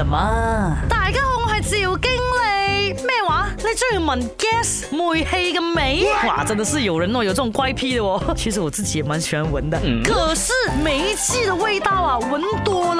什麼？大家好，我係趙經理。咩話？你中意聞 gas 煤氣嘅味？哇，真的是有人哦，有這種怪癖嘅哦。其實我自己也蠻喜歡聞的，嗯，可是煤氣的味道啊，聞多了，